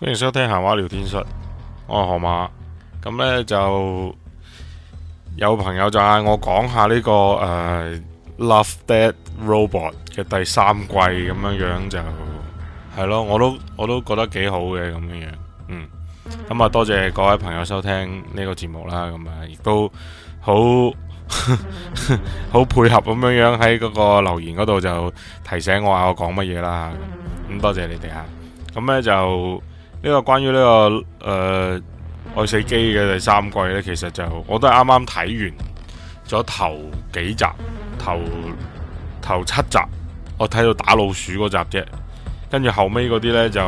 歡迎收聽閒話聊天室，我係河馬。咁呢，就有朋友就嗌我講下呢、這個誒、呃《Love Death Robots》嘅第三季咁樣樣就係咯，我都我都覺得幾好嘅咁樣樣，嗯。咁啊，多謝各位朋友收聽呢個節目啦。咁啊，亦都好好 配合咁樣樣喺嗰個留言嗰度就提醒我話我講乜嘢啦。咁多謝你哋啊。咁咧就呢、這個關於呢、這個誒、呃《愛死機》嘅第三季咧，其實就我都係啱啱睇完咗頭幾集，頭頭七集，我睇到打老鼠嗰集啫。跟住後尾嗰啲咧就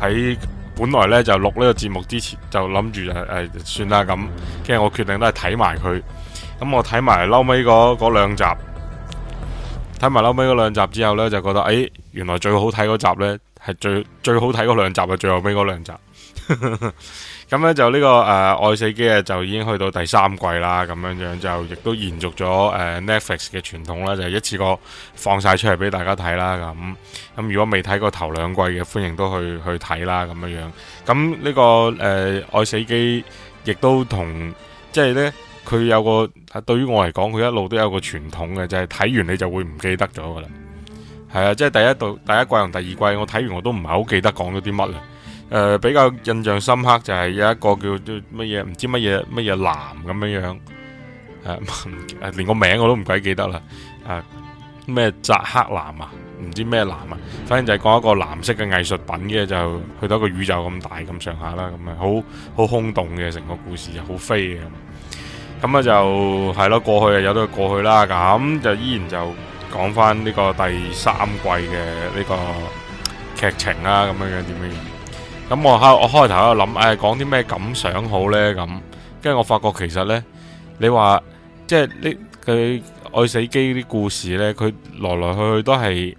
喺。本來呢就錄呢個節目之前就諗住誒算啦，咁，跟住我決定都係睇埋佢。咁我睇埋嬲尾嗰兩集，睇埋嬲尾嗰兩集之後呢，就覺得誒、哎，原來最好睇嗰集呢，係最最好睇嗰兩集啊，最後尾嗰兩集。呵呵。咁咧就呢、這個誒、呃《愛死機》啊，就已經去到第三季啦，咁樣樣就亦都延續咗誒、呃、Netflix 嘅傳統啦，就是，一次過放晒出嚟俾大家睇啦，咁咁如果未睇過頭兩季嘅，歡迎都去去睇啦，咁樣樣。咁呢、這個誒、呃《愛死機》亦都同即係呢，佢有個對於我嚟講，佢一路都有個傳統嘅，就係、是，睇完你就會唔記得咗㗎喇。係啊，即係第一度第一季同第二季，我睇完我都唔係好記得講咗啲乜啦。誒、呃，比較印象深刻就係有一個叫做乜嘢，唔知乜嘢乜嘢藍咁樣樣，誒、啊、誒，連個名我都唔鬼記得啦，誒咩扎克藍啊，唔知咩藍啊，反正就係講一個藍色嘅藝術品嘅就去到一個宇宙咁大咁上下啦，咁啊好好空洞嘅成個故事，就好飛嘅，咁啊就係咯過去啊有得過去啦，咁就依然就講翻呢個第三季嘅呢個劇情啦，咁樣樣點樣？咁我喺我開頭喺度諗，誒講啲咩感想好呢？咁，跟住我發覺其實呢，你話即係呢佢愛死機啲故事呢，佢來來去去都係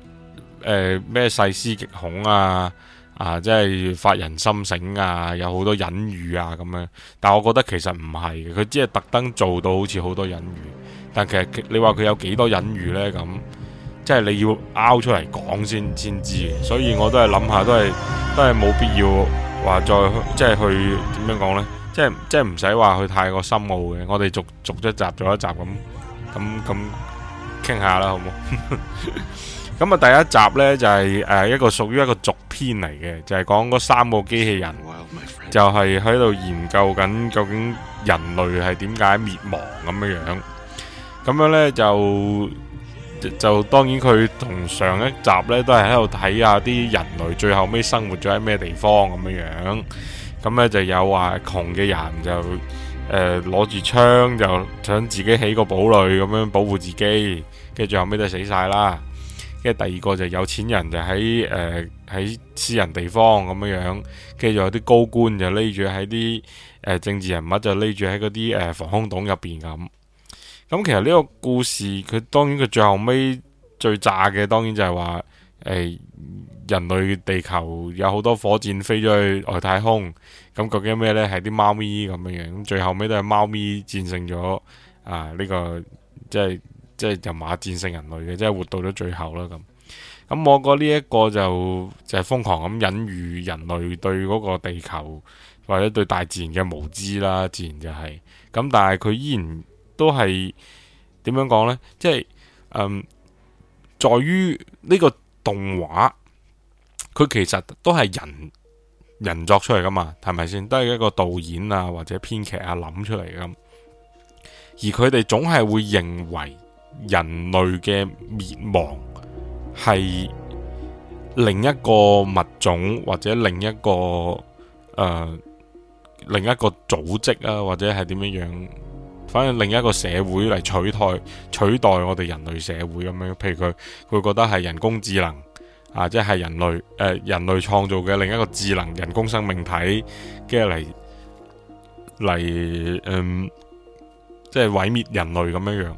誒咩細思極恐啊，啊即係發人心醒啊，有好多隱喻啊咁樣。但我覺得其實唔係嘅，佢只係特登做到好似好多隱喻，但其實你話佢有幾多隱喻呢？咁？即係你要拗出嚟講先先知，所以我都係諗下，都係都係冇必要話再即係去點樣講呢？即係即係唔使話去太過深奧嘅。我哋逐逐一集做一集咁咁咁傾下啦，好唔好？咁啊，第一集呢，就係、是、誒、呃、一個屬於一個續篇嚟嘅，就係講嗰三個機器人 My friend. 就係喺度研究緊究竟人類係點解滅亡咁樣樣呢，咁樣咧就。就，就當然佢同上一集呢都係喺度睇下啲人類最後尾生活咗喺咩地方咁樣樣。咁呢就有話、啊、窮嘅人就誒攞住槍就想自己起個堡壘咁樣保護自己，跟住最後尾都死晒啦。跟住第二個就有錢人就喺誒喺私人地方咁樣樣，跟住有啲高官就匿住喺啲誒政治人物就匿住喺嗰啲防空洞入面咁。咁其實呢個故事佢當然佢最後尾最炸嘅當然就係話誒人類地球有好多火箭飛咗去外太空咁究竟咩呢？係啲貓咪咁樣嘅咁最後尾都係貓咪戰勝咗啊呢個即係即係人馬戰勝人類嘅即係活到咗最後啦咁咁我覺得呢一個就就係、是、瘋狂咁隱喻人類對嗰個地球或者對大自然嘅無知啦自然就係、是、咁但係佢依然。都係點樣講呢？即係嗯，在於呢個動畫，佢其實都係人人作出嚟噶嘛，係咪先？都係一個導演啊，或者編劇啊諗出嚟噶。而佢哋總係會認為人類嘅滅亡係另一個物種，或者另一個誒，另一個組織啊，或者係點樣樣。反而另一個社會嚟，取代取代我哋人類社會咁樣，譬如佢佢覺得係人工智能啊，即係人類誒、呃，人類創造嘅另一個智能人工生命體，跟住嚟嚟嗯，即係毀滅人類咁樣樣。誒、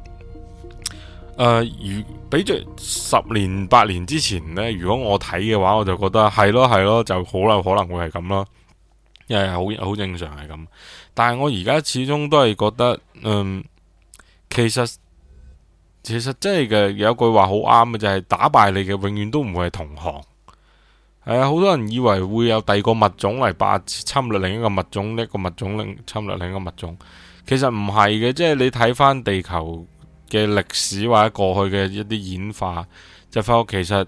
呃，如比着十年八年之前呢，如果我睇嘅話，我就覺得係咯係咯，就好有可能會係咁咯，因為好好正常係咁。但係我而家始終都係覺得，嗯，其實其實真係嘅有句話好啱嘅就係、是、打敗你嘅永遠都唔會係同行。係、呃、啊，好多人以為會有第二個物種嚟霸侵略另一個物種，一個物種嚟侵略另一個物種。其實唔係嘅，即、就、係、是、你睇翻地球嘅歷史或者過去嘅一啲演化，就發覺其實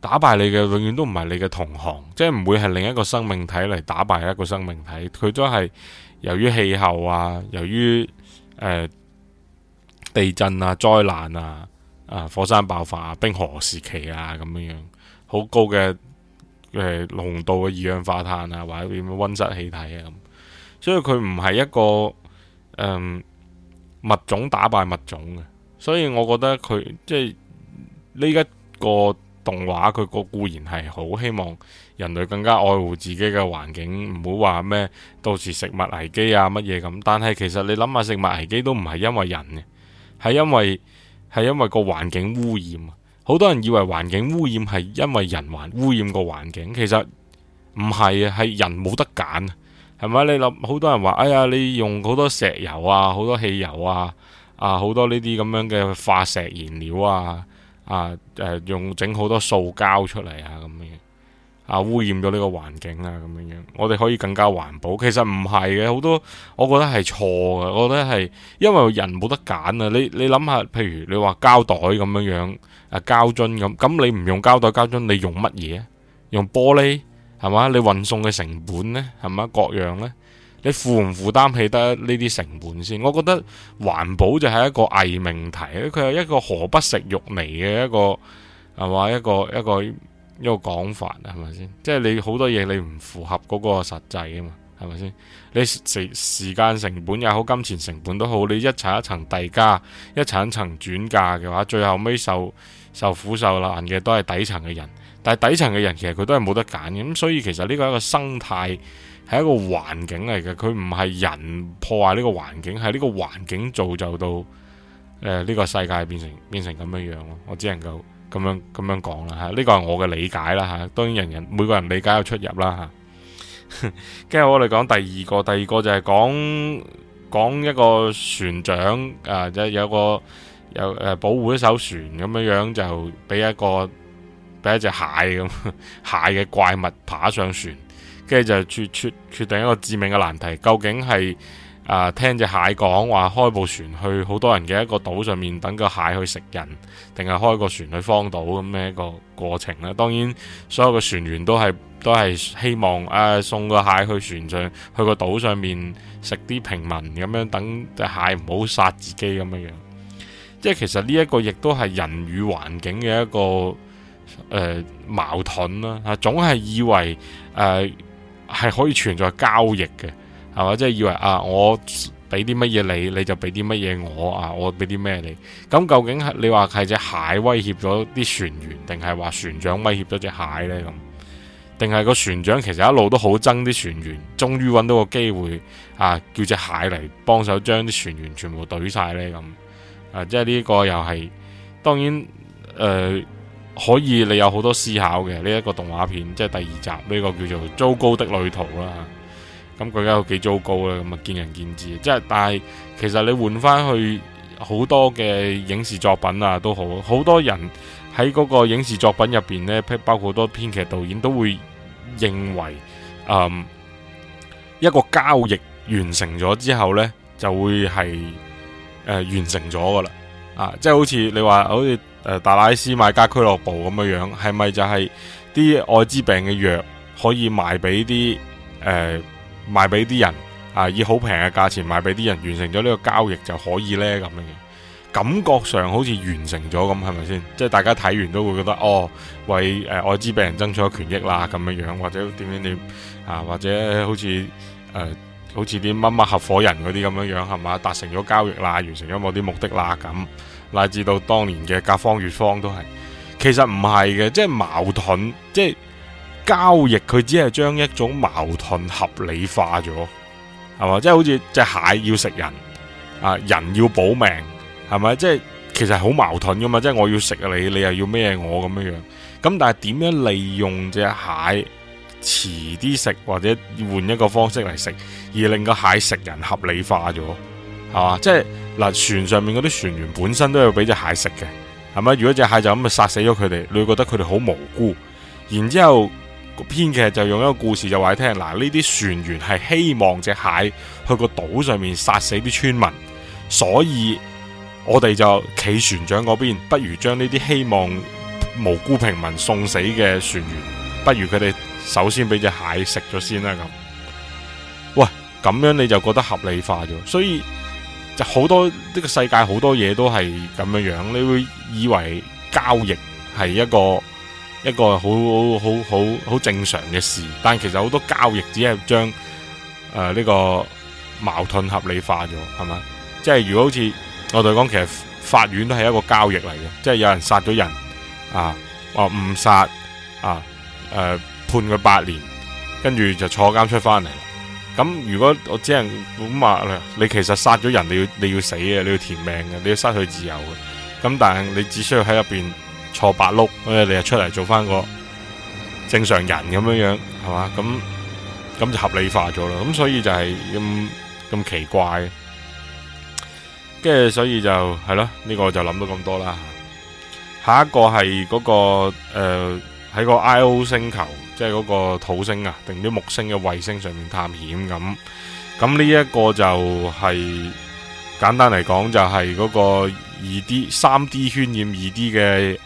打敗你嘅永遠都唔係你嘅同行，即係唔會係另一個生命體嚟打敗一個生命體，佢都係。由於氣候啊，由於、呃、地震啊、災難啊、啊火山爆發、啊、冰河時期啊，咁樣樣好高嘅誒濃度嘅二氧化碳啊，或者點樣温室氣體啊，咁所以佢唔係一個物、呃、種打敗物種嘅，所以我覺得佢即係呢一個。動畫佢個固然係好希望人類更加愛護自己嘅環境，唔好話咩到時食物危機啊乜嘢咁。但係其實你諗下食物危機都唔係因為人嘅，係因為係因為個環境污染。好多人以為環境污染係因為人環污染個環境，其實唔係啊，係人冇得揀，係咪？你諗好多人話哎呀，你用好多石油啊，好多汽油啊，啊好多呢啲咁樣嘅化石燃料啊。啊！誒、啊，用整好多塑膠出嚟啊，咁樣啊，污染咗呢個環境啊，咁樣樣，我哋可以更加環保。其實唔係嘅，好多我，我覺得係錯嘅。我覺得係因為人冇得揀啊。你你諗下，譬如你話膠袋咁樣樣啊，膠樽咁，咁你唔用膠袋膠樽，你用乜嘢？用玻璃係嘛？你運送嘅成本呢？係嘛各樣呢？你負唔負擔起得呢啲成本先？我覺得環保就係一個偽命題，佢係一個何不食肉糜嘅一個係嘛？一個一個一個講法係咪先？即係、就是、你好多嘢你唔符合嗰個實際啊嘛？係咪先？你時時間成本又好，金錢成本都好，你一層一層遞加，一層一層轉嫁嘅話，最後尾受受苦受難嘅都係底層嘅人。但係底層嘅人其實佢都係冇得揀嘅，咁所以其實呢個係一個生態。係一個環境嚟嘅，佢唔係人破壞呢個環境，係呢個環境造就到呢個世界變成變成咁樣樣咯。我只能夠咁樣咁樣講啦吓，呢個係我嘅理解啦吓。當然人，人人每個人理解有出入啦吓。跟住我哋講第二個，第二個就係講講一個船長啊，有有個有誒保護一艘船咁樣樣，就俾一個俾一隻蟹咁蟹嘅怪物爬上船。跟住就決決，決定一個致命嘅難題，究竟係啊、呃、聽隻蟹講話開部船去好多人嘅一個島上面等個蟹去食人，定係開個船去荒島咁嘅一個過程咧？當然，所有嘅船員都係都係希望誒、呃、送個蟹去船上，去個島上面食啲平民咁樣等隻蟹唔好殺自己咁樣樣，即係其實呢一個亦都係人與環境嘅一個誒、呃、矛盾啦。啊，總係以為誒。呃係可以存在交易嘅，係嘛？即係以為啊，我俾啲乜嘢你，你就俾啲乜嘢我啊？我俾啲咩你？咁究竟係你話係隻蟹威脅咗啲船員，定係話船長威脅咗隻蟹呢？咁，定係個船長其實一路都好憎啲船員，終於揾到個機會啊，叫隻蟹嚟幫手將啲船員全部懟晒呢？咁啊！即係呢個又係，當然誒。呃可以，你有好多思考嘅呢一個動畫片，即係第二集呢個叫做《糟糕的旅途》啦。咁佢有幾糟糕啊？咁啊見仁見智，即係但係其實你換翻去好多嘅影視作品啊，都好，好多人喺嗰個影視作品入邊咧，包括好多編劇導演都會認為，嗯，一個交易完成咗之後咧，就會係誒、呃、完成咗噶啦。啊，即係好似你話，好似誒達拉斯買家俱樂部咁樣樣，係咪就係啲艾滋病嘅藥可以賣俾啲誒賣俾啲人啊，以好平嘅價錢賣俾啲人，完成咗呢個交易就可以呢？咁樣嘅感覺上好似完成咗咁，係咪先？即係大家睇完都會覺得哦，為誒艾滋病人爭取咗權益啦咁樣樣，或者點點點啊，或者好似誒。呃好似啲乜乜合伙人嗰啲咁樣樣係嘛，達成咗交易啦，完成咗某啲目的啦咁，乃至到當年嘅甲方乙方都係，其實唔係嘅，即係矛盾，即係交易佢只係將一種矛盾合理化咗，係嘛，即係好似隻蟹要食人，啊人要保命，係咪？即係其實好矛盾噶嘛，即係我要食啊你，你又要孭我咁樣樣，咁但係點樣利用隻蟹？遲啲食或者換一個方式嚟食，而令個蟹食人合理化咗，係嘛？即係嗱，船上面嗰啲船員本身都有俾隻蟹食嘅，係咪？如果隻蟹就咁啊殺死咗佢哋，你會覺得佢哋好無辜。然之後編劇就用一個故事就話你聽，嗱呢啲船員係希望隻蟹去個島上面殺死啲村民，所以我哋就企船長嗰邊，不如將呢啲希望無辜平民送死嘅船員，不如佢哋。首先俾隻蟹食咗先啦，咁喂，咁樣你就覺得合理化咗，所以就好多呢個世界好多嘢都係咁樣樣。你會以為交易係一個一個好好好正常嘅事，但其實好多交易只係將誒，呢個矛盾合理化咗，係嘛？即係如果好似我哋講，其實法院都係一個交易嚟嘅，即係有人殺咗人啊，話誤殺啊，誒、呃。判佢八年，跟住就坐監出翻嚟。咁如果我只能咁話咧，你其實殺咗人，你要你要死嘅，你要填命嘅，你要失去自由嘅。咁但係你只需要喺入邊坐八碌，你又出嚟做翻個正常人咁樣樣係嘛？咁咁就合理化咗啦。咁所以就係咁咁奇怪，跟住所以就係咯。呢個就諗到咁多啦。下一個係嗰個誒喺個 I.O. 星球。即係嗰個土星啊，定啲木星嘅衛星上面探險咁，咁呢一個就係、是、簡單嚟講就係嗰個二 D, D, D、三 D 渲染二 D 嘅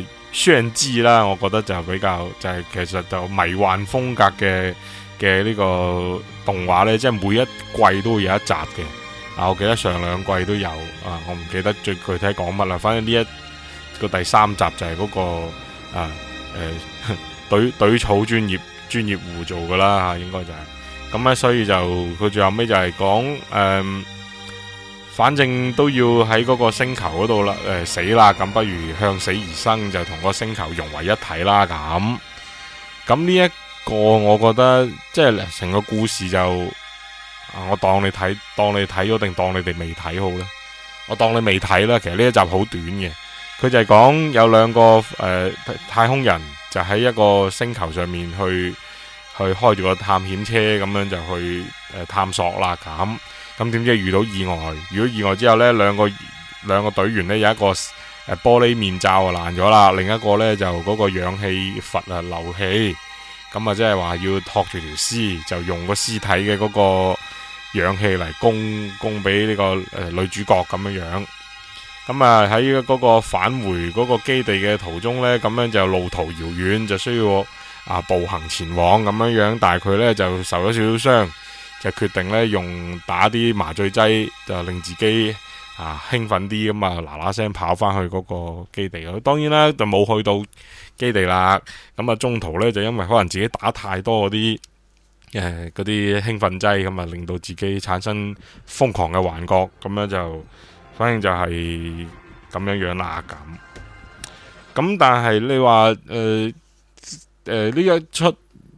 誒雙子啦，我覺得就比較就係、是、其實就迷幻風格嘅嘅呢個動畫呢。即係每一季都會有一集嘅啊，我記得上兩季都有啊，我唔記得最具體講乜啦，反正呢一個第三集就係嗰、那個啊誒。呃 隊隊草專業專業戶做噶啦，應該就係咁咧。所以就佢最後尾就係講誒，反正都要喺嗰個星球嗰度啦，誒、呃、死啦，咁不如向死而生，就同個星球融為一體啦。咁咁呢一個我覺得即係成個故事就我當你睇當你睇咗定當你哋未睇好咧，我當你未睇啦。其實呢一集好短嘅，佢就係講有兩個誒、呃、太空人。就喺一個星球上面去去開住個探險車咁樣就去誒探索啦，咁咁點知遇到意外，遇到意外之後呢兩個兩個隊員呢有一個誒玻璃面罩啊爛咗啦，另一個呢就嗰個氧氣閥啊漏氣，咁啊即係話要托住條屍，就用個屍體嘅嗰個氧氣嚟供供俾呢個誒女主角咁樣樣。咁啊喺嗰個返回嗰個基地嘅途中呢，咁樣就路途遙遠，就需要啊步行前往咁樣樣。但係佢呢就受咗少少傷，就決定呢用打啲麻醉劑，就令自己啊興奮啲，咁啊嗱嗱聲跑返去嗰個基地。當然啦，就冇去到基地啦。咁啊中途呢，就因為可能自己打太多嗰啲嗰啲興奮劑，咁啊令到自己產生瘋狂嘅幻覺，咁樣就。反正就係咁樣樣啦，咁咁但係你話誒誒呢一出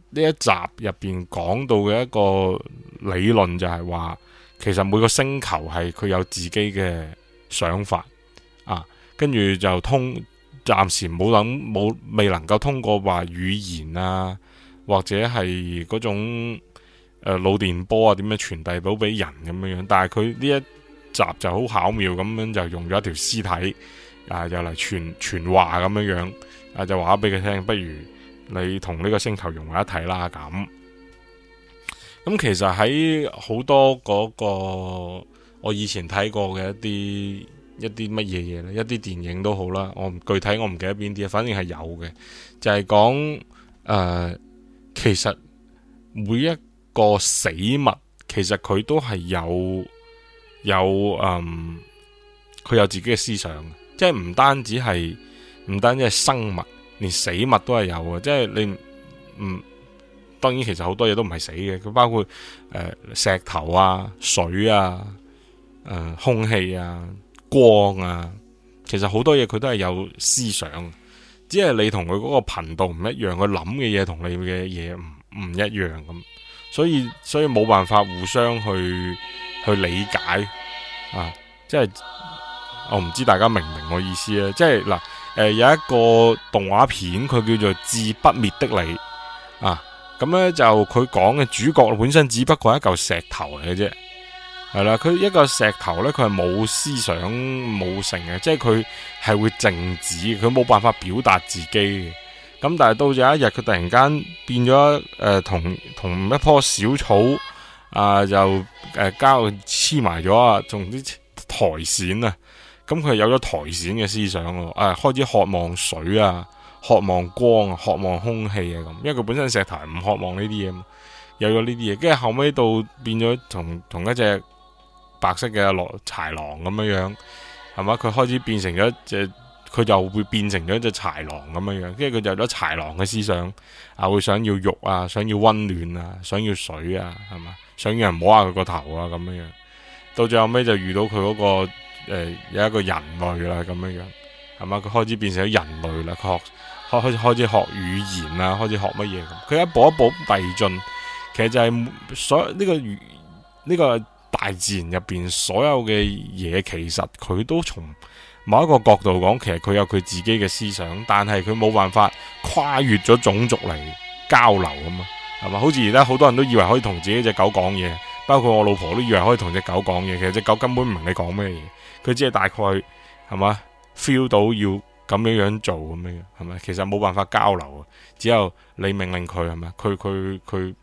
呢一集入邊講到嘅一個理論就係話，其實每個星球係佢有自己嘅想法啊，跟住就通暫時冇諗冇未能夠通過話語言啊或者係嗰種誒腦電波啊點樣傳遞到俾人咁樣樣，但係佢呢一集就好巧妙咁樣就用咗一條屍體啊，又嚟傳傳話咁樣樣啊，就話咗俾佢聽，不如你同呢個星球融為一體啦咁。咁其實喺好多嗰個我以前睇過嘅一啲一啲乜嘢嘢咧，一啲電影都好啦。我唔具體我唔記得邊啲，反正係有嘅，就係講誒，其實每一個死物，其實佢都係有。有嗯，佢有自己嘅思想，即係唔單止係唔單止係生物，連死物都係有嘅，即係你嗯，當然其實好多嘢都唔係死嘅，佢包括誒、呃、石頭啊、水啊、誒、呃、空氣啊、光啊，其實好多嘢佢都係有思想，只係你同佢嗰個頻道唔一樣，佢諗嘅嘢同你嘅嘢唔唔一樣咁。所以所以冇辦法互相去去理解啊！即係我唔知大家明唔明我意思，即係嗱，誒、啊呃，有一個動畫片，佢叫做《志不滅的你》啊。咁咧就佢講嘅主角本身只不過係一嚿石頭嚟嘅啫，係啦。佢一個石頭咧，佢係冇思想冇性嘅，即係佢係會靜止，佢冇辦法表達自己。咁但係到咗一日，佢突然間變咗誒、呃，同同一棵小草啊、呃，就誒膠黐埋咗啊，仲啲苔蘚啊，咁佢有咗苔蘚嘅思想咯，啊、呃，開始渴望水啊，渴望光啊，渴望空氣啊，咁因為佢本身石頭唔渴望呢啲嘢嘛，有咗呢啲嘢，跟住後尾到變咗同同一隻白色嘅駱豺狼咁樣樣，係嘛，佢開始變成咗一隻。佢就會變成咗一隻豺狼咁樣樣，跟住佢有咗豺狼嘅思想啊，會想要肉啊，想要溫暖啊，想要水啊，係嘛？想要人摸下佢個頭啊，咁樣樣。到最後尾就遇到佢嗰、嗰個、呃、有一個人類啦，咁樣樣係嘛？佢開始變成咗人類啦，佢學學開始開始學語言啊，開始學乜嘢咁。佢一步一步遞進，其實就係、係、所呢、呢個呢、呢個大自然入邊所有嘅嘢，其實佢都從。某一個角度講，其實佢有佢自己嘅思想，但係佢冇辦法跨越咗種族嚟交流咁嘛，係嘛？好似而家好多人都以為可以同自己隻狗講嘢，包括我老婆都以為可以同隻狗講嘢，其實隻狗根本唔明你講咩嘢，佢只係大概係嘛 feel 到要咁樣樣做咁樣，係咪？其實冇辦法交流啊，只有你命令佢係咪？佢佢佢。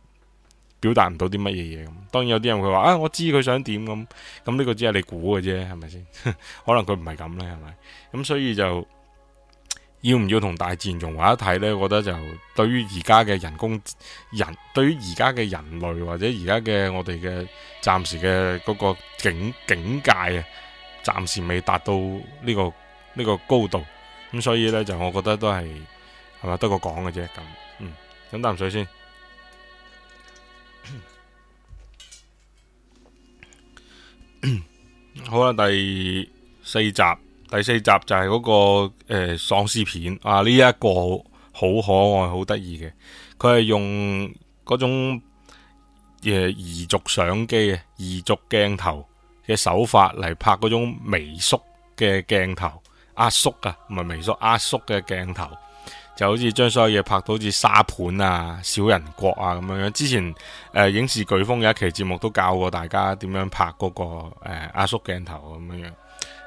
表達唔到啲乜嘢嘢咁，當然有啲人會話啊，我知佢想點咁，咁呢個只係你估嘅啫，係咪先？ 可能佢唔係咁呢，係咪？咁所以就要唔要同大自然融為一體呢？我覺得就對於而家嘅人工人，對於而家嘅人類或者而家嘅我哋嘅暫時嘅嗰個境境界啊，暫時未達到呢個呢個高度，咁所以呢，就我覺得都係係咪？得個講嘅啫咁，嗯，飲啖水先。好啦，第四集，第四集就係、嗰個誒喪屍片啊，呢、這、一個好，好可愛、好得意嘅，佢係用嗰種誒、呃、移軸相機、啊移軸鏡頭嘅手法嚟拍嗰種微縮嘅鏡頭、壓縮啊，唔係微縮、壓縮嘅鏡頭。就好似將所有嘢拍到好似沙盤啊、小人國啊咁樣樣。之前誒、呃、影視颶風有一期節目都教過大家點樣拍嗰、那個誒壓縮鏡頭咁樣樣。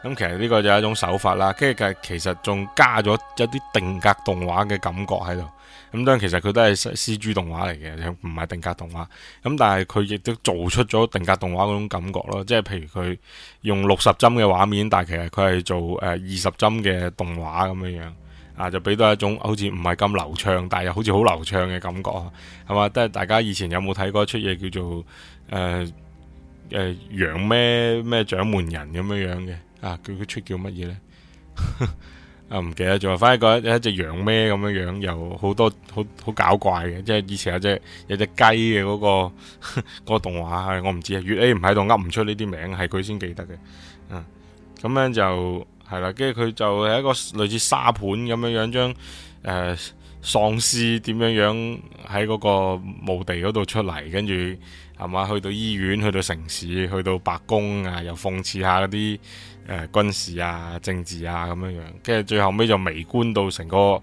咁、嗯、其實呢個就係一種手法啦。跟住其實仲加咗一啲定格動畫嘅感覺喺度。咁當然其實佢都係 C G 動畫嚟嘅，唔係定格動畫。咁、嗯、但係佢亦都做出咗定格動畫嗰種感覺咯。即係譬如佢用六十幀嘅畫面，但其實佢係做誒二十幀嘅動畫咁樣。啊，就俾到一種好似唔係咁流暢，但係又好似好流暢嘅感覺，係嘛？都係大家以前有冇睇過嗰出嘢叫做誒誒、呃呃、羊咩咩掌門人咁樣樣嘅啊？佢出叫乜嘢咧？啊，唔記得咗，反而正個一,一隻羊咩咁樣樣，又好多好好搞怪嘅，即係以前有隻有隻雞嘅嗰、嗰個嗰 個動畫，我唔知啊，月 A 唔喺度噏唔出呢啲名，係佢先記得嘅。啊，咁樣就。係啦，跟住佢就係一個類似沙盤咁樣樣，將誒喪屍點樣樣喺嗰個墓地嗰度出嚟，跟住係嘛，去到醫院，去到城市，去到白宮啊，又諷刺下嗰啲誒軍事啊、政治啊咁樣樣，跟住最後尾就微觀到成個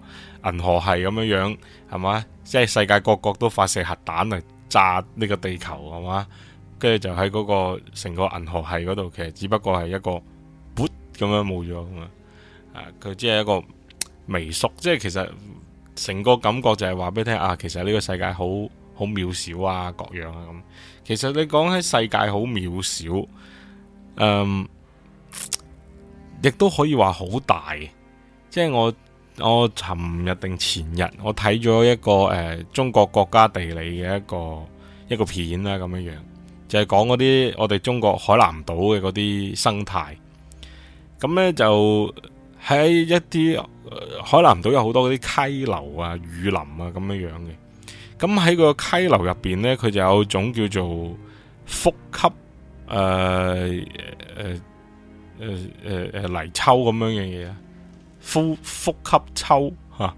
銀河系咁樣樣，係嘛？即係世界各國都發射核彈嚟炸呢個地球，係嘛？跟住就喺嗰個成個銀河系嗰度，其實只不過係一個。咁樣冇咗咁樣，佢只係一個微縮，即係其實成個感覺就係話俾你聽啊。其實呢個世界好好渺小啊，各樣啊咁。其實你講起世界好渺小，嗯，亦都可以話好大。即係我我尋日定前日我睇咗一個誒、呃、中國國家地理嘅一個一個片啦，咁樣樣就係講嗰啲我哋中國海南島嘅嗰啲生態。咁咧就喺一啲、呃、海南島有好多嗰啲溪流啊、雨林啊咁樣樣嘅，咁喺個溪流入邊咧，佢就有種叫做呼吸誒誒誒泥鰍咁樣嘅嘢，呼呼吸抽吓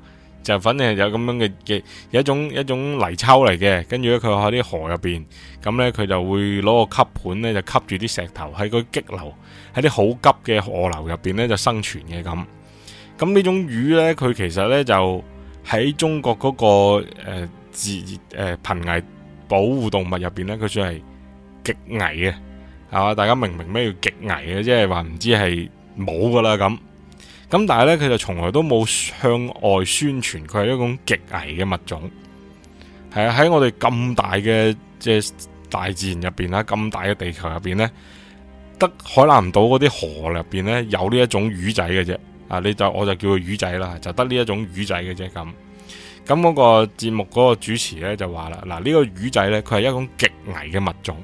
就反正係有咁樣嘅嘅，有一種一種泥鰍嚟嘅，跟住咧佢喺啲河入邊，咁咧佢就會攞個吸盤咧就吸住啲石頭，喺個激流，喺啲好急嘅河流入邊咧就生存嘅咁。咁呢種魚咧，佢其實咧就喺中國嗰、那個誒、呃、自誒瀕危保護動物入邊咧，佢算係極危嘅，係嘛？大家明唔明咩叫極危嘅？即係話唔知係冇噶啦咁。咁但係咧，佢就從來都冇向外宣傳佢係一種極危嘅物種。係啊，喺我哋咁大嘅即係大自然入邊啦，咁大嘅地球入邊咧，得海南島嗰啲河入邊咧有呢一種魚仔嘅啫。啊，你就我就叫佢魚仔啦，就得呢一種魚仔嘅啫咁。咁、嗰、嗰個節目嗰個主持咧就話啦，嗱、呢、呢個魚仔咧，佢係一種極危嘅物種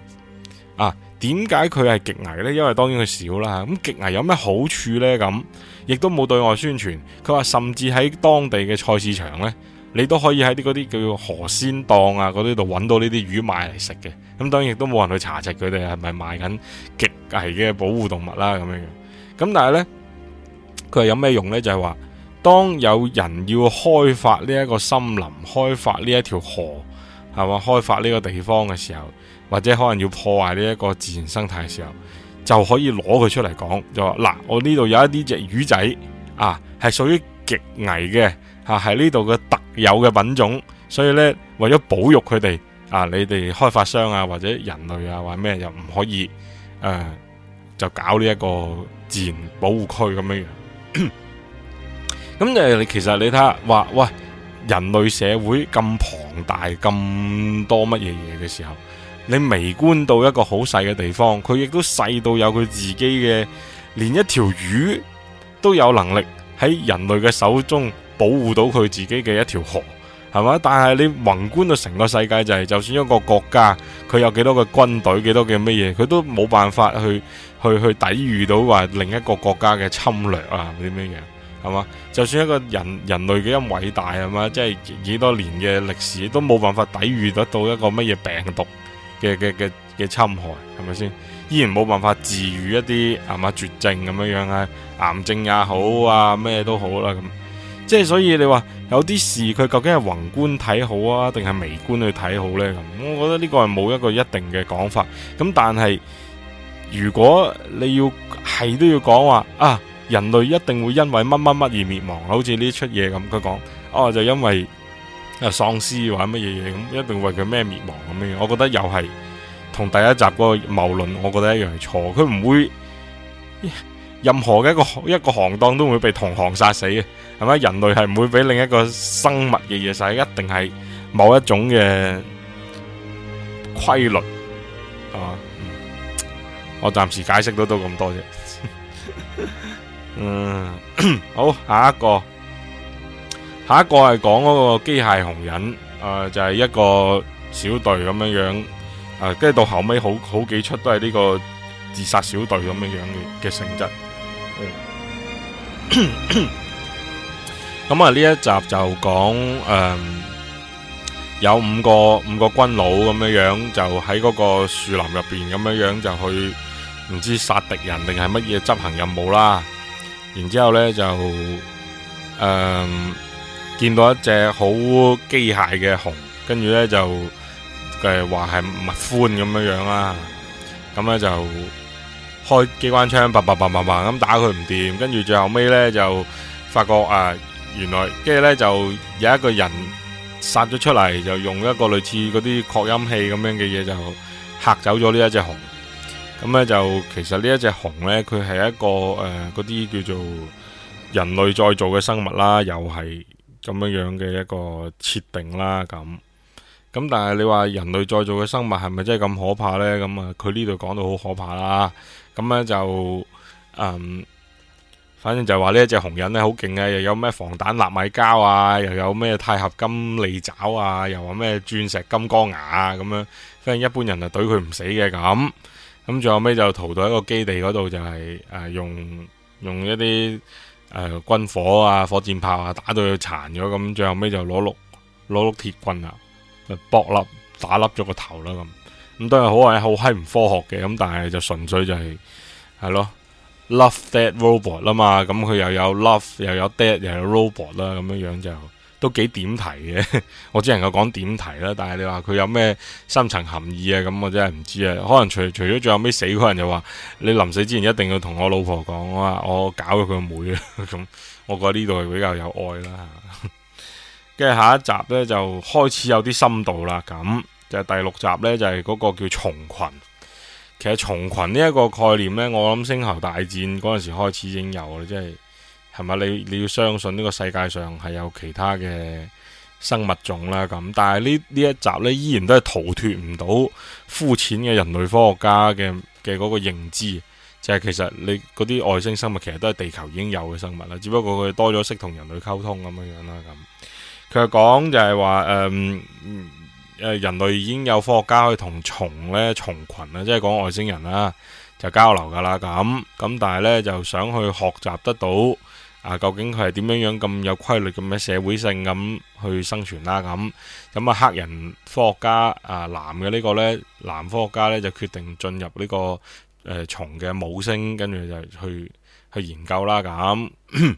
啊。點解佢係極危呢？因為當然佢少啦。咁極危有咩好處呢？咁亦都冇對外宣傳。佢話甚至喺當地嘅菜市場呢，你都可以喺啲嗰啲叫河鮮檔啊嗰啲度揾到呢啲魚賣嚟食嘅。咁當然亦都冇人去查實佢哋係咪賣緊極危嘅保護動物啦咁樣。咁但係呢，佢係有咩用呢？就係話，當有人要開發呢一個森林、開發呢一條河，係嘛？開發呢個地方嘅時候。或者可能要破壞呢一個自然生態嘅時候，就可以攞佢出嚟講，就話嗱，我呢度有一啲隻魚仔啊，係屬於極危嘅吓，喺呢度嘅特有嘅品種，所以呢，為咗保育佢哋啊，你哋開發商啊或者人類啊或者咩又唔可以誒、啊，就搞呢一個自然保護區咁樣樣。咁誒，你、 就是、其實你睇下，話喂，人類社會咁龐大咁多乜嘢嘢嘅時候。你微觀到一個好細嘅地方，佢亦都細到有佢自己嘅，連一條魚都有能力喺人類嘅手中保護到佢自己嘅一條河，係咪？但係你宏觀到成個世界就係，就算一個國家，佢有幾多個軍隊，幾多嘅乜嘢，佢都冇辦法去去去抵禦到話另一個國家嘅侵略啊？啲乜嘢，係嘛？就算一個人人類嘅一偉大係嘛，即係幾多年嘅歷史都冇辦法抵禦得到一個乜嘢病毒。嘅嘅嘅嘅侵害係咪先？依然冇辦法治愈一啲啊嘛絕症咁樣樣啊，癌症也好啊，咩都好啦，啊、咁。即係所以你話有啲事佢究竟係宏觀睇好啊，定係微觀去睇好呢？咁我覺得呢個係冇一個一定嘅講法。咁但係如果你要係都要講話啊，人類一定會因為乜乜乜而滅亡，好似呢出嘢咁，佢講哦就因為。啊！喪屍或者乜嘢嘢咁，一定為佢咩滅亡咁樣？我覺得又係同第一集嗰個謬論，我覺得一樣係錯。佢唔會任何嘅一個一個行當都會被同行殺死嘅，係咪？人類係唔會俾另一個生物嘅嘢殺，一定係某一種嘅規律，係嘛？我暫時解釋到都咁多啫。 嗯， 好，下一個。下一個係講嗰個機械紅人，誒、呃、就係、是、一個小隊咁樣樣，誒、呃，跟住到後尾好好幾出都係呢個自殺小隊咁樣樣嘅嘅性質。咁啊，呢、嗯 嗯、一集就講誒、嗯，有五個五個軍佬咁樣樣，就喺嗰個樹林入邊咁樣樣，就去唔知殺敵人定係乜嘢執行任務啦。然之後咧就誒。嗯見到一隻好機械嘅熊，跟住呢就誒，話係密寬咁樣樣啦，咁呢就開機關槍，叭叭叭叭叭咁打佢唔掂，跟住最後尾呢，就發覺啊，原來跟住呢，就有一個人殺咗出嚟，就用一個類似嗰啲擴音器咁樣嘅嘢就嚇走咗呢一隻熊。咁呢就其實呢一隻熊呢，佢係一個誒嗰啲叫做人類再造嘅生物啦，又係。咁樣樣嘅一個設定啦，咁咁但係你話人類再造嘅生物係咪真係咁可怕呢？咁啊，佢呢度講到好可怕啦，咁呢就、嗯、反正就係話呢一隻紅人呢好勁嘅，又有咩防彈納米膠啊，又有咩鈦合金利爪啊，又話咩鑽石金剛牙啊，咁樣，反正一般人就懟佢唔死嘅咁，咁最後尾就逃到一個基地嗰度、就是，就係誒用用一啲。誒、呃，軍火啊，火箭炮啊，打到佢殘咗，咁最後尾就攞碌攞碌鐵棍啊，搏笠打笠咗個頭啦、啊、咁，咁都係好係好閪唔科學嘅，咁但係就純粹就係、是、係咯，love dead robot 啦、啊、嘛，咁佢又有 love 又有 dead 又有 robot 啦、啊，咁樣樣就。都幾點題嘅，我只能夠講點題啦。但係你話佢有咩深層含義啊？咁我真係唔知啊。可能除除咗最後尾死嗰人就話，你臨死之前一定要同我老婆講啊，我搞咗佢個妹啊。咁我覺得呢度係比較有愛啦。跟、嗯、住下一集呢，就開始有啲深度啦。咁就是、第六集呢，就係、是、嗰個叫蟲群。其實蟲群呢一個概念呢，我諗《星球大戰》嗰陣時候開始已經有啦，即係。係咪你你要相信呢個世界上係有其他嘅生物種啦？咁但係呢，呢一集呢，依然都係逃脫唔到膚淺嘅人類科學家嘅嘅嗰個認知，就係、是、其實你嗰啲外星生物其實都係地球已經有嘅生物啦，只不過佢多咗識同人類溝通咁樣樣啦。咁佢講就係話，誒人類已經有科學家去同蟲呢蟲群啊，即係講外星人啦，就交流噶啦咁咁，但係呢，就想去學習得到。啊，究竟佢係點樣樣咁有規律咁嘅社會性咁去生存啦，啊？咁咁啊，黑人科學家啊，男嘅呢個呢，男科學家呢，就決定進入呢、這個誒蟲嘅母星，跟住就去去研究啦，啊。咁、啊、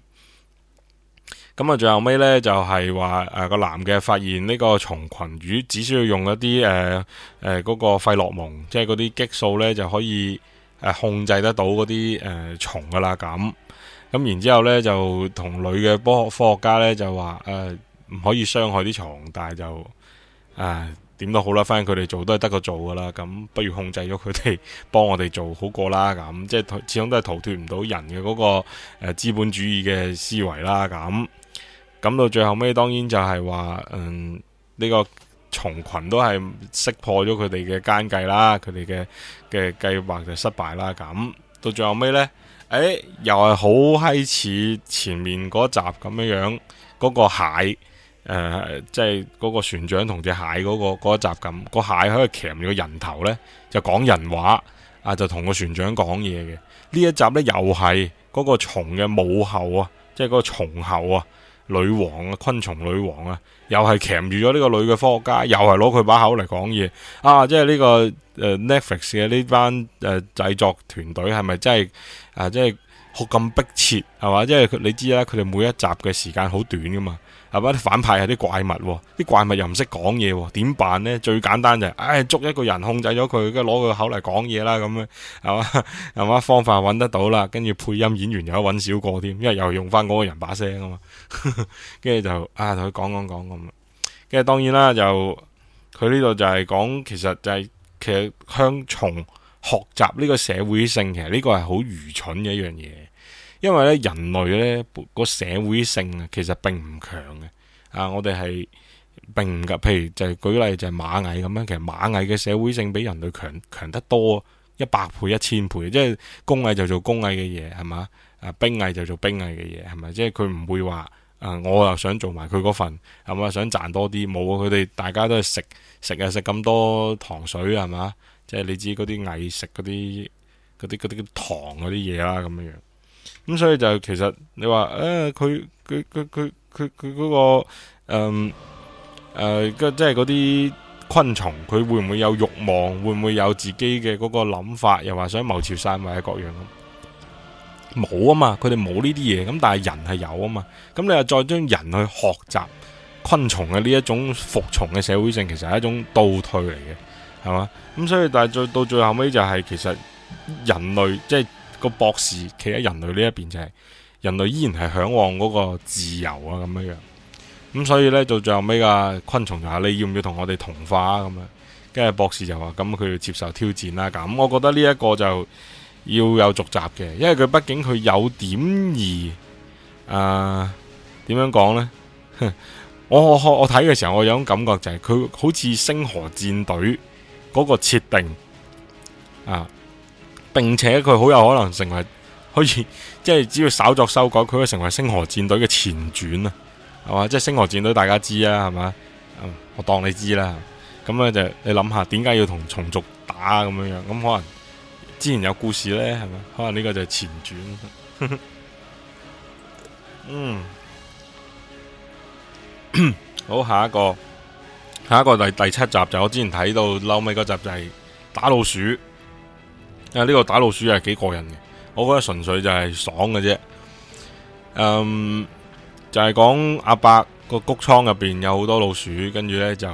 咁啊，最後尾呢，就係話誒個男嘅發現呢個蟲群魚只需要用一啲誒誒嗰個費洛蒙，即係嗰啲激素呢，就可以誒控制得到嗰啲誒蟲㗎喇咁。呃咁然之後呢，就同女嘅科，科學家呢，就話誒，唔、呃、可以傷害啲蟲。但係就誒點都好啦，反正佢哋做都係得個做噶啦，咁不如控制咗佢哋，幫我哋做好過啦，咁即係始終都係逃脫唔到人嘅嗰、那個誒、呃、資本主義嘅思維啦，咁咁到最後尾，當然就係話，嗯呢、這個蟲群都係識破咗佢哋嘅奸計啦，佢哋嘅嘅計劃就失敗啦，咁到最後尾呢。誒、哎，又係好閪似前面嗰集咁樣樣，嗰、那個蟹誒，即係嗰個船長同隻蟹嗰、那個嗰一、那個、集咁，那個蟹喺度鉗住個人頭呢，就講人話啊，就同個船長講嘢嘅。呢一集呢，又係嗰個蟲嘅母后啊，即係嗰個蟲后啊。女王啊，昆蟲女王啊，又係騎住咗呢個女嘅科學家，又係攞佢把口嚟講嘢啊！即係呢個誒 Netflix 嘅呢班誒製作團隊係咪真係啊？即係好咁逼切係嘛？即係你知啦，佢哋每一集嘅時間好短㗎嘛。係嘛，反派係啲怪物，啲怪物又唔識講嘢，點辦呢？最簡單就係、是、唉、哎，捉一個人控制咗佢，跟住攞佢口嚟講嘢啦，咁樣係嘛，係嘛方法揾得到啦。跟住配音演員又有揾少個添，因為又用翻嗰個人把聲啊嘛。跟住就啊，同佢講講講咁。跟住當然啦，就佢呢度就係講，其實就係、是、其實向從學習呢個社會性，其實呢個係好愚蠢嘅一樣嘢。因為咧人類咧個社會性啊，其實並唔強嘅。啊，我哋係並唔噶，譬如就係舉例就係螞蟻咁樣。其實螞蟻嘅社會性比人類強強得多，一百倍、一千倍。即係工蟻就做工蟻嘅嘢，係嘛？啊，兵蟻就做兵蟻嘅嘢，係咪？即係佢唔會話啊，我又想做埋佢嗰份，係嘛？想賺多啲，冇。佢哋大家都係食食啊食咁多糖水，係嘛？即係你知嗰啲蟻食嗰啲嗰啲嗰啲糖嗰啲嘢啦，咁樣樣。咁、嗯、所以就其實你話誒佢佢佢佢佢佢嗰個誒誒、嗯呃、即係嗰啲昆蟲佢會唔會有欲望，會唔會有自己嘅嗰個諗法，又話想謀朝篡位啊各樣，咁冇啊嘛，佢哋冇呢啲嘢。咁但係人係有啊嘛，咁你又再將人去學習昆蟲嘅呢一種服從嘅社會性，其實係一種倒退嚟嘅，係嘛？咁所以但係最到最後尾就係、是、其實人類即係。個博士企喺人類呢一邊就係、是、人類依然係向往嗰個自由啊咁樣樣，咁所以呢，到最後尾啊，昆蟲就話你要唔要同我哋同化咁樣，跟住博士就話咁佢要接受挑戰啦、啊。咁我覺得呢一個就要有續集嘅，因為佢畢竟佢有點二啊，點、呃、樣講呢？我我我睇嘅時候我有種感覺就係、是、佢好似星河戰隊嗰個設定啊。並且佢好有可能成為可以，即係只要稍作修改，佢可以成為《星河戰隊》嘅前傳啊，係嘛？即係《星河戰隊》，大家知啊，係嘛？我當你知啦。咁咧就你諗下，點解要同蟲族打啊？咁樣樣咁可能之前有故事呢，係嘛？可能呢個就係前傳。 嗯， 好，下一個，下一個第第七集就我之前睇到嬲，尾嗰集就係、是、打老鼠。啊！呢個打老鼠係幾過癮嘅，我覺得純粹就係爽嘅啫。嗯，就係、是、講阿伯個穀倉入邊有好多老鼠，跟住呢就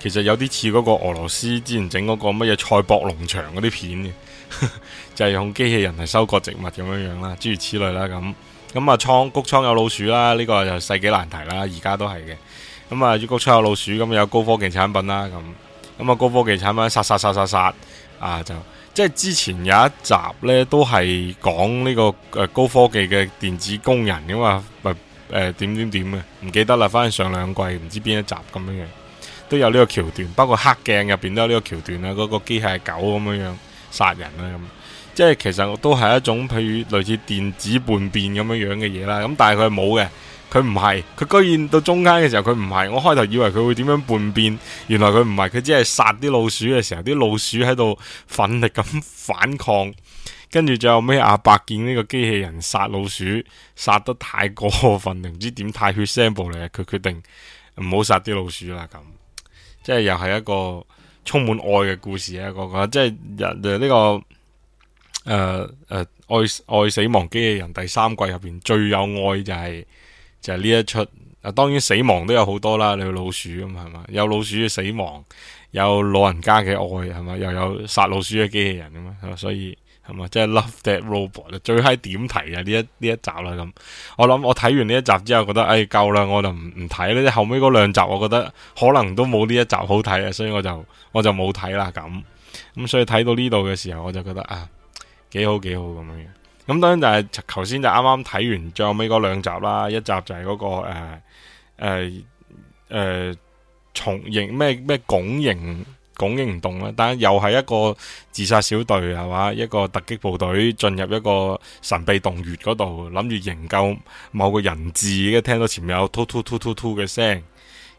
其實有啲似嗰個俄羅斯之前整嗰個乜嘢賽博農場嗰啲片嘅，就係、是、用機器人嚟收割植物咁樣樣啦，諸如此類啦咁。咁啊，倉穀倉有老鼠啦，呢、這個就世紀難題啦，而家都係嘅。咁啊，穀倉有老鼠，咁有高科技產品啦，咁咁啊，高科技產品殺殺殺殺殺啊就。即係之前有一集呢，都係講呢個誒、呃、高科技嘅電子工人噶嘛，誒誒點點點嘅，唔記得啦。反正上兩季唔知邊一集咁樣樣，都有呢個橋段。包括黑鏡入邊都有呢個橋段嗰、嗰個機械是狗咁樣樣殺人咁。即係其實都係一種譬如類似電子叛變咁樣樣嘅嘢啦。咁但係佢冇嘅。佢唔係，佢居然到中間嘅時候佢唔係，我開頭以為佢會點樣叛變，原來佢唔係，佢只係殺啲老鼠嘅時候，啲老鼠喺度奮力咁反抗，跟住最後尾，阿伯見呢個機器人殺老鼠殺得太過分，定唔知點太血腥暴力，佢決定唔好殺啲老鼠啦咁，即係又係一個充滿愛嘅故事一個，即係、這、呢個誒誒、呃呃、愛愛死亡機器人第三季入邊最有愛就係、是。就係呢一出，啊當然死亡都有好多啦，你老鼠咁係嘛，有老鼠嘅死亡，有老人家嘅愛係嘛，又有殺老鼠嘅機器人啊嘛，所以係嘛，即係、就是、Love That Robot 最 high 點題啊呢一呢一集啦咁，我諗我睇完呢一集之後覺得，哎夠啦，我就唔唔睇啦，即係後尾嗰兩集我覺得可能都冇呢一集好睇啊，所以我就我就冇睇啦咁，咁所以睇到呢度嘅時候我就覺得啊幾好幾好咁樣。咁當然就係頭先就啱啱睇完最後尾嗰兩集啦，一集就係嗰、那個誒誒誒蟲形咩咩拱形拱形洞啦，但係又係一個自殺小隊係嘛，一個突擊部隊進入一個神秘洞穴嗰度，諗住營救某個人質，一聽到前面有突突突突突嘅聲，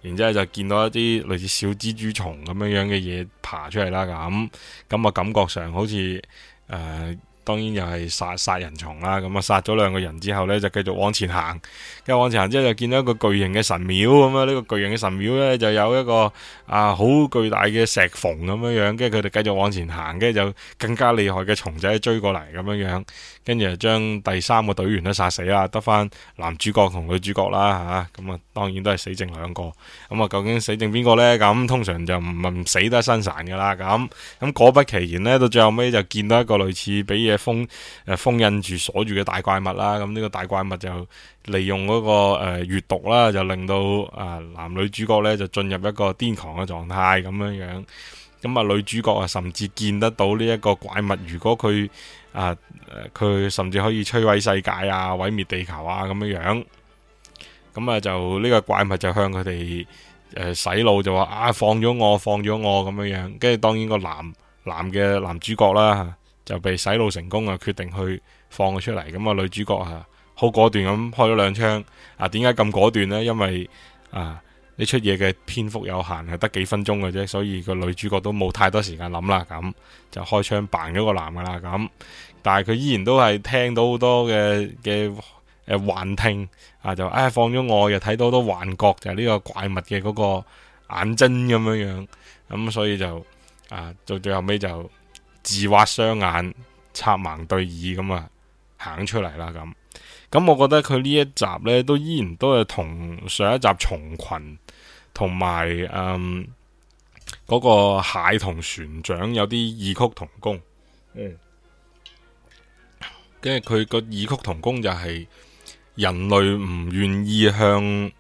然之後就見到一啲類似小蜘蛛蟲咁樣樣嘅嘢爬出嚟啦，咁咁啊感覺上好似誒。呃當然又係殺殺人蟲啦，咁啊殺咗兩個人之後呢，就繼續往前行。跟住往前行之後，就見到一個巨型嘅神廟咁啊！呢個巨型嘅神廟呢，就有一個啊好巨大嘅石縫咁樣樣。跟住佢哋繼續往前行，跟住就更加厲害嘅蟲仔追過嚟咁樣樣。跟住就將第三個隊員都殺死啦，得翻男主角同女主角啦吓。咁啊，當然都係死剩兩個。咁啊，究竟死剩邊個呢？咁通常就唔死得身殘噶啦。咁咁果不其然呢，到最後尾就見到一個類似俾嘢。封封印住鎖住嘅大怪物啦，咁呢個大怪物就利用嗰、嗰個誒閱、呃、讀啦，就令到啊、呃、男女主角呢就進入一個癲狂嘅狀態咁樣樣，咁啊女主角啊甚至見得到呢一個怪物，如果佢啊佢甚至可以摧毀世界啊、毀滅地球啊咁樣樣，咁啊就呢、這個怪物就向佢哋誒洗腦，就話啊放咗我，放咗我咁樣樣，跟住當然個男男嘅男主角啦。就被洗腦成功啊！決定去放佢出嚟，咁啊！個女主角好果斷咁開咗兩槍啊！點解咁果斷呢？因為啊，呢出嘢嘅篇幅有限，係得幾分鐘嘅啫，所以個女主角都冇太多時間諗啦，咁就開槍扮咗個男噶啦咁。但係佢依然都係聽到好多嘅嘅幻聽啊，就唉、啊，放咗我又睇到好多幻覺，就係呢個怪物嘅嗰個眼睛咁樣樣，咁、啊、所以就啊到最後尾就。自挖雙眼、插盲對耳咁啊，行出嚟啦咁。咁我覺得佢呢一集呢，都依然都係同上一集「蟲群」同埋誒嗰個蟹同船長有啲異曲同工。嗯，跟住佢個異曲同工就係人類唔願意向誒、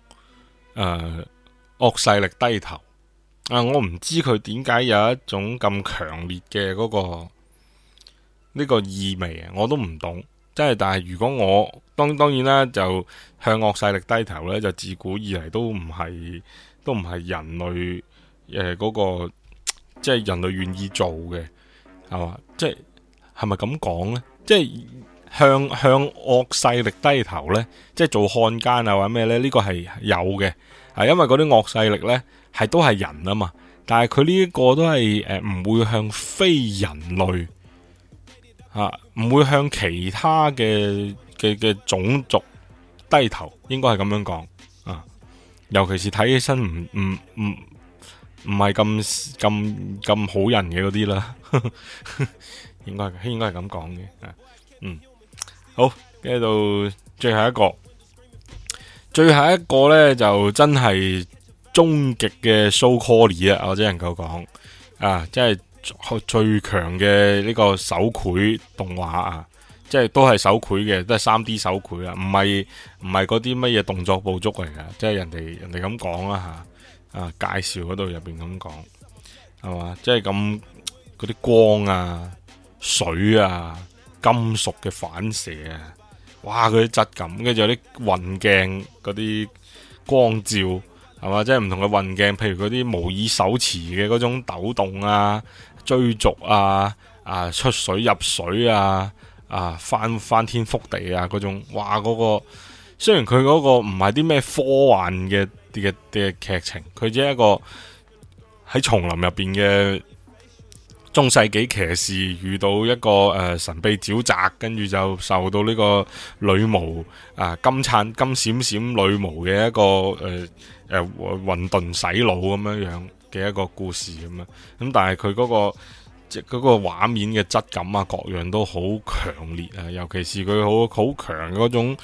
呃、惡勢力低頭。啊！我唔知佢點解有一種咁強烈嘅嗰個呢個意味啊！我都唔懂。即係，但係如果我當然當然啦，就向惡勢力低頭呢，就自古以嚟都唔係都唔係人類呃嗰個即係人類願意做嘅，係嘛？即係係咪咁講呢？即係向向惡勢力低頭呢，即係做漢奸啊，或者咩呢？呢個係有嘅，因為嗰啲惡勢力呢。係都係人啊嘛，但係佢呢一個都係誒唔會向非人類啊，唔會向其他嘅嘅嘅種族低頭，應該係咁樣講啊。尤其是睇起身唔唔唔唔係咁咁咁好人嘅嗰啲啦，呵呵應該應該係咁講嘅。嗯，好，跟住到最後一個，最後一個呢就真係。終極嘅 so call 啊，我只能夠講啊，即係最強嘅呢個手繪動畫啊，即係都係手繪嘅，都係三 D 手繪啊，唔係唔係嗰啲乜嘢動作捕捉嚟噶，即係人哋人哋咁講啦吓啊，介紹嗰度入邊咁講係嘛，即係咁嗰啲光啊、水啊、金屬嘅反射啊，哇，嗰啲質感，跟住有啲運鏡嗰啲光照。係嘛？即係唔同嘅運鏡，譬如嗰啲模擬手持嘅嗰種抖動啊、追逐啊、啊出水入水啊、啊翻翻天覆地啊嗰種，哇！嗰、嗰個雖然佢嗰個唔係啲咩科幻嘅嘅嘅劇情，佢只係一個喺叢林入邊嘅中世紀騎士遇到一個誒、呃、神秘沼澤，跟住就受到呢個女巫啊、呃、金燦金閃閃女巫嘅一個誒誒、呃呃、混沌洗腦咁樣樣嘅一個故事咁啊！咁但係佢嗰個即係嗰個畫面嘅質感啊，各樣都好強烈啊！尤其是佢好好強嗰種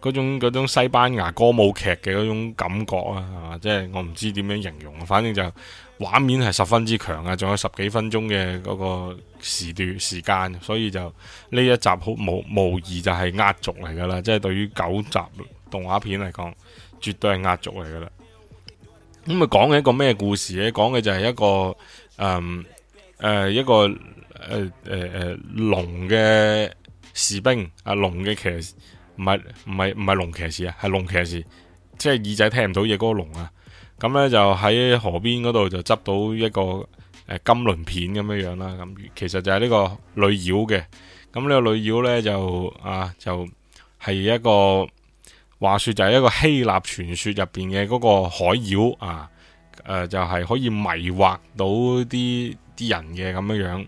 嗰種西班牙歌舞劇嘅嗰種感覺啊，係嘛？即係我唔知點樣形容，反正就～畫面係十分之強啊！仲有十幾分鐘嘅嗰個時段時間，所以就呢一集好無無疑就係壓軸嚟噶啦！即係對於九集動畫片嚟講，絕對係壓軸嚟噶啦。咁啊，講緊一個咩故事咧？講嘅就係一個嗯誒一個誒誒誒龍嘅士兵啊，龍嘅騎士唔係唔係唔係龍騎士啊，係龍騎士，即係耳仔聽唔到嘢嗰個龍啊！咁咧就喺河邊嗰度就執到一個誒金鱗片咁樣樣啦。咁其實就係呢個女妖嘅。咁呢個女妖呢就、啊，就啊就係一個，話說就係一個希臘傳說入邊嘅嗰個海妖啊。誒、啊、就係、是、可以迷惑到啲啲人嘅咁樣樣。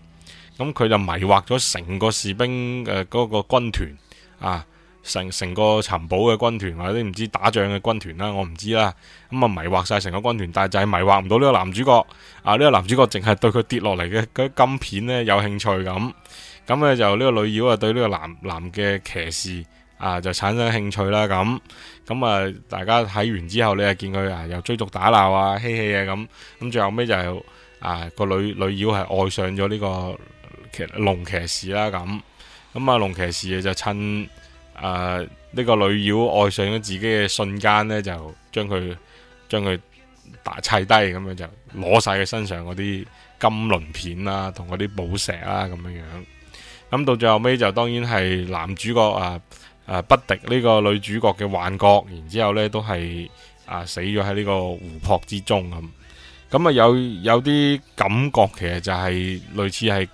咁佢就迷惑咗成個士兵誒嗰、啊嗰個軍團啊。成成個尋寶嘅軍團，或者唔知打仗嘅軍團啦，我唔知啦。咁啊，迷惑晒成個軍團，但係就係迷惑唔到呢個男主角。啊，呢、這個男主角淨係對佢跌落嚟嘅啲金片呢有興趣咁。咁、啊、咧就呢個女妖個啊，對呢個男男嘅騎士啊就產生興趣啦。咁、啊、咁啊，大家睇完之後，呢，見佢啊又追逐打鬧啊，嬉戲啊咁。咁、啊、最後尾就係、是、啊個女女妖係愛上咗呢個龍騎士啦。咁咁啊，龍、啊、騎士就趁。誒，呢、呃這個女妖愛上咗自己嘅瞬間呢，就將佢將佢打砌低，咁樣就攞晒佢身上嗰啲金鱗片啊，同嗰啲寶石啊，咁樣樣。咁、嗯、到最後尾，就當然係男主角啊，啊不敵呢個女主角嘅幻覺，然之後呢都係啊死咗喺呢個湖泊之中咁。咁啊、嗯、有有啲感覺其實就係類似係。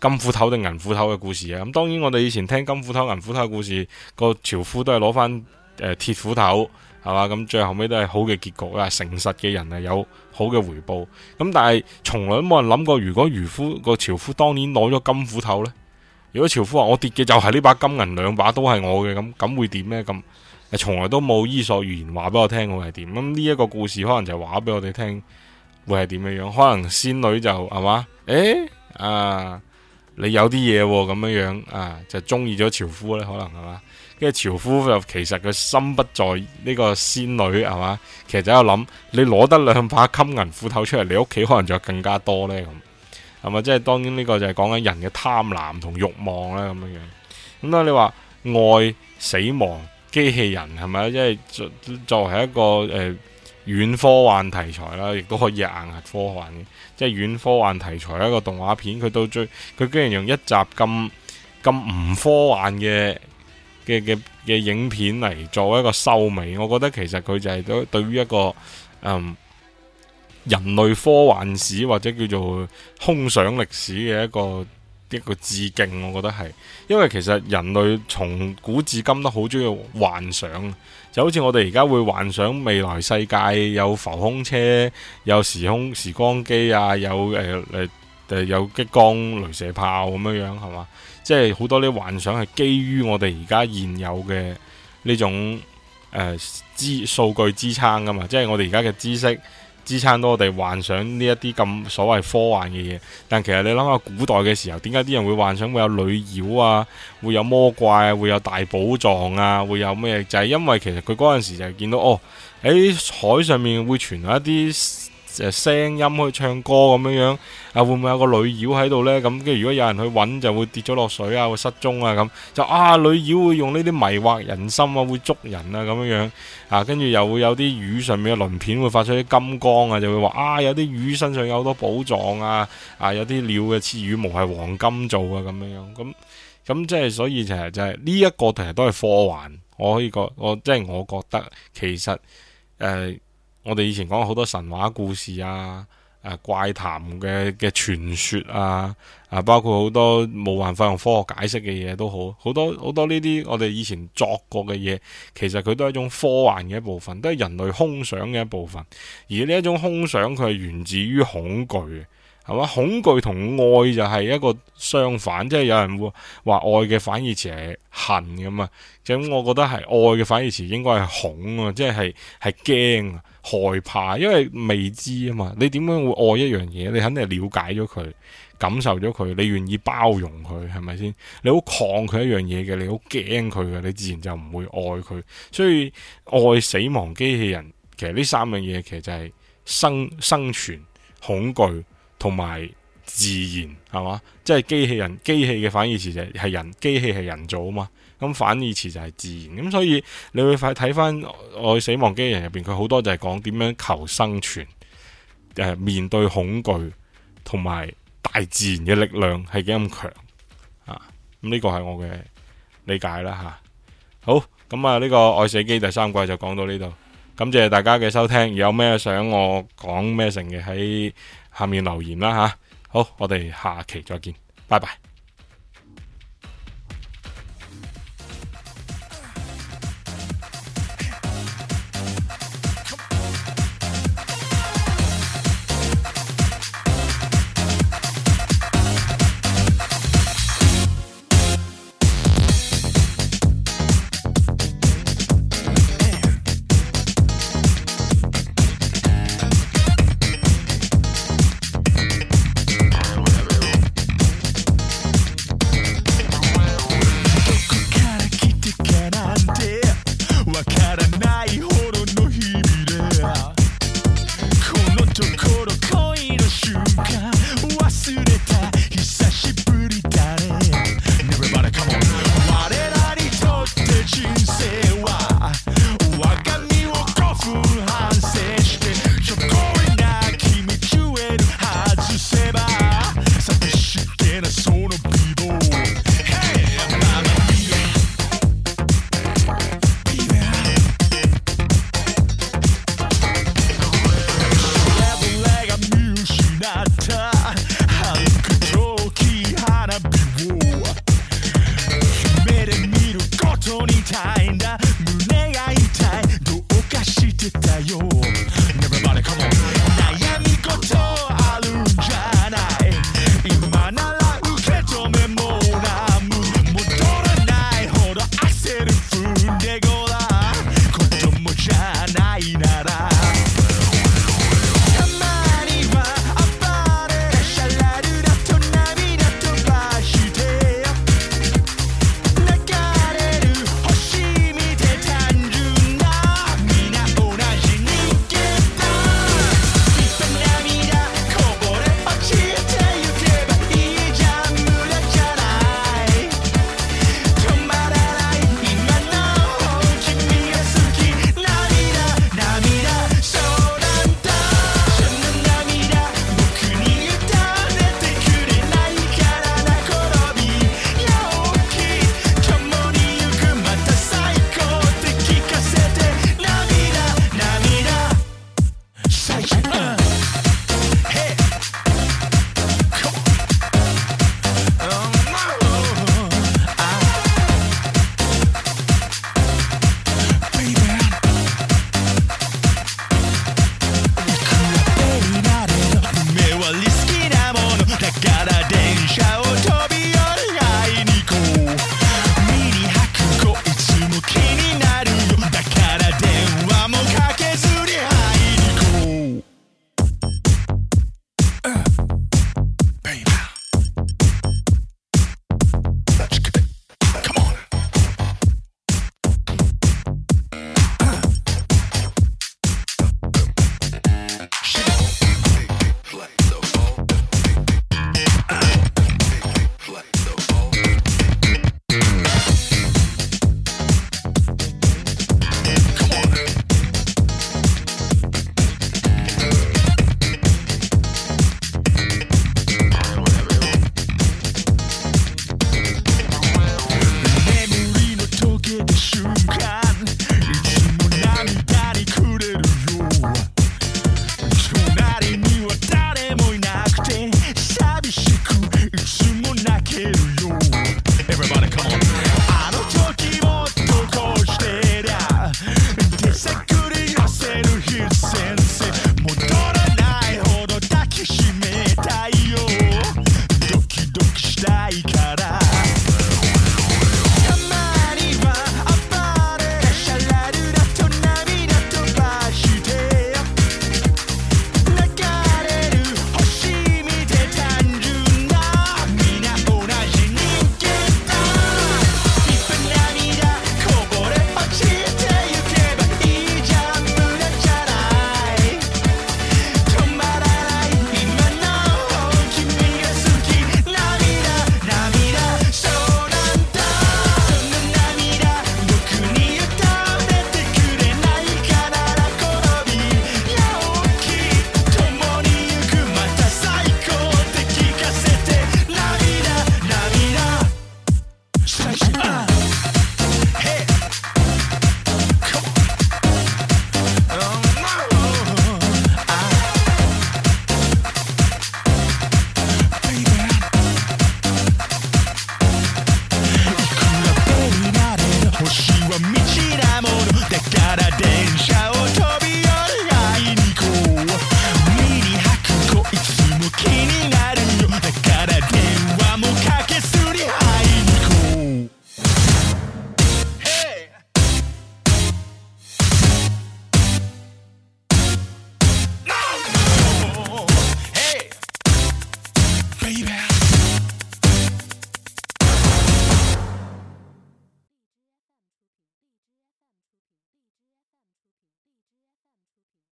金斧頭定銀斧頭嘅故事啊！咁當然我哋以前聽金斧頭銀斧頭嘅故事，個樵夫，都係攞翻誒鐵斧頭，係嘛？咁最後尾都係好嘅結局啊！誠實嘅人啊，有好嘅回報咁，但係從來都冇人諗過，如果漁夫個樵夫當年攞咗金斧頭呢？如果樵夫話我跌嘅就係呢把金銀，兩把都係我嘅，咁咁會點咧？咁，誒從來都冇伊索寓言話俾我聽我係點，咁呢一個故事可能就話俾我哋聽，會係點嘅樣，可能仙女就係嘛，誒啊～你有啲嘢咁樣樣啊，就中意咗樵夫呢，可能係嘛？跟住樵夫就其實佢心不在呢個仙女係嘛？其實就喺度諗你攞得兩把金銀斧頭出嚟，你屋企可能仲有更加多呢。咁係咪？即係當然呢個就係講緊人嘅貪婪同慾望啦，咁樣樣。咁當你話愛死亡機器人係咪？即係作作為一個誒。呃軟科幻題材啦，亦都可以硬核科幻嘅，即係軟科幻題材一個動畫片，佢到最，佢居然用一集咁咁唔科幻嘅嘅嘅嘅影片嚟作為一個收尾，我覺得其實佢就係都對於一個嗯人類科幻史或者叫做空想歷史嘅一個一個致敬，我覺得係，因為其實人類從古至今都好中意幻想。就好似我哋而家會幻想未來世界有浮空車、有時空時光機啊，有誒誒、呃呃、有激光鐳射炮咁樣樣，係嘛？即係好多啲幻想係基於我哋而家現有嘅呢種誒知數據支撐噶嘛，即係我哋而家嘅知識。支撐到我哋幻想呢一啲咁所謂科幻嘅嘢，但其實你諗下古代嘅時候，點解啲人會幻想會有女妖啊，會有魔怪啊，會有大寶藏啊，會有咩？就係因為其實佢嗰陣時就係見到哦，喺海上面會傳來一啲。聲音去唱歌咁樣樣啊，會唔會有個女妖喺度呢？咁跟住如果有人去揾，就會跌咗落水啊，會失蹤啊咁。就啊，女妖會用呢啲迷惑人心啊，會捉人啊咁樣樣啊。跟住又會有啲魚上面嘅鱗片會發出啲金光啊，就會話啊，有啲魚身上有好多寶藏啊，啊，有啲鳥嘅翅羽毛係黃金做啊，咁樣樣。咁咁即係，所以就係就係呢一個其實都係科幻。我可以講，我即係、即係、我覺得，其實誒。呃我哋以前講好多神話故事啊，誒怪談嘅嘅傳說啊，啊包括好多冇辦法用科學解釋嘅嘢都好，好多好多呢啲我哋以前作過嘅嘢，其實佢都係一種科幻嘅一部分，都係人類空想嘅一部分。而呢一種空想，佢係源自於恐懼，係嘛？恐懼同愛就係一個相反，即係有人會話愛嘅反義詞係恨咁啊。咁我覺得係愛嘅反義詞應該係恐啊，即係係驚啊。害怕，因為未知啊嘛。你點樣會愛一樣嘢？你肯定係瞭解咗佢，感受咗佢，你願意包容佢，係咪先？你好抗拒一樣嘢嘅，你好驚佢嘅，你自然就唔會愛佢。所以愛死亡機器人，其實呢三樣嘢其實就係生生存、恐懼同埋自然，係嘛？即係機器人，機器嘅反義詞就係人，機器係人造嘛。咁反義詞就係自然，咁所以你會快睇翻《愛死亡機器人》入邊，佢好多就係講點樣求生存，呃、面對恐懼同埋大自然嘅力量係幾咁強啊！咁呢個係我嘅理解啦吓、啊。好，咁啊呢個《愛死機》第三季就講到呢度，感謝大家嘅收聽，有咩想我講咩成嘅喺下面留言啦吓、啊。好，我哋下期再見，拜拜。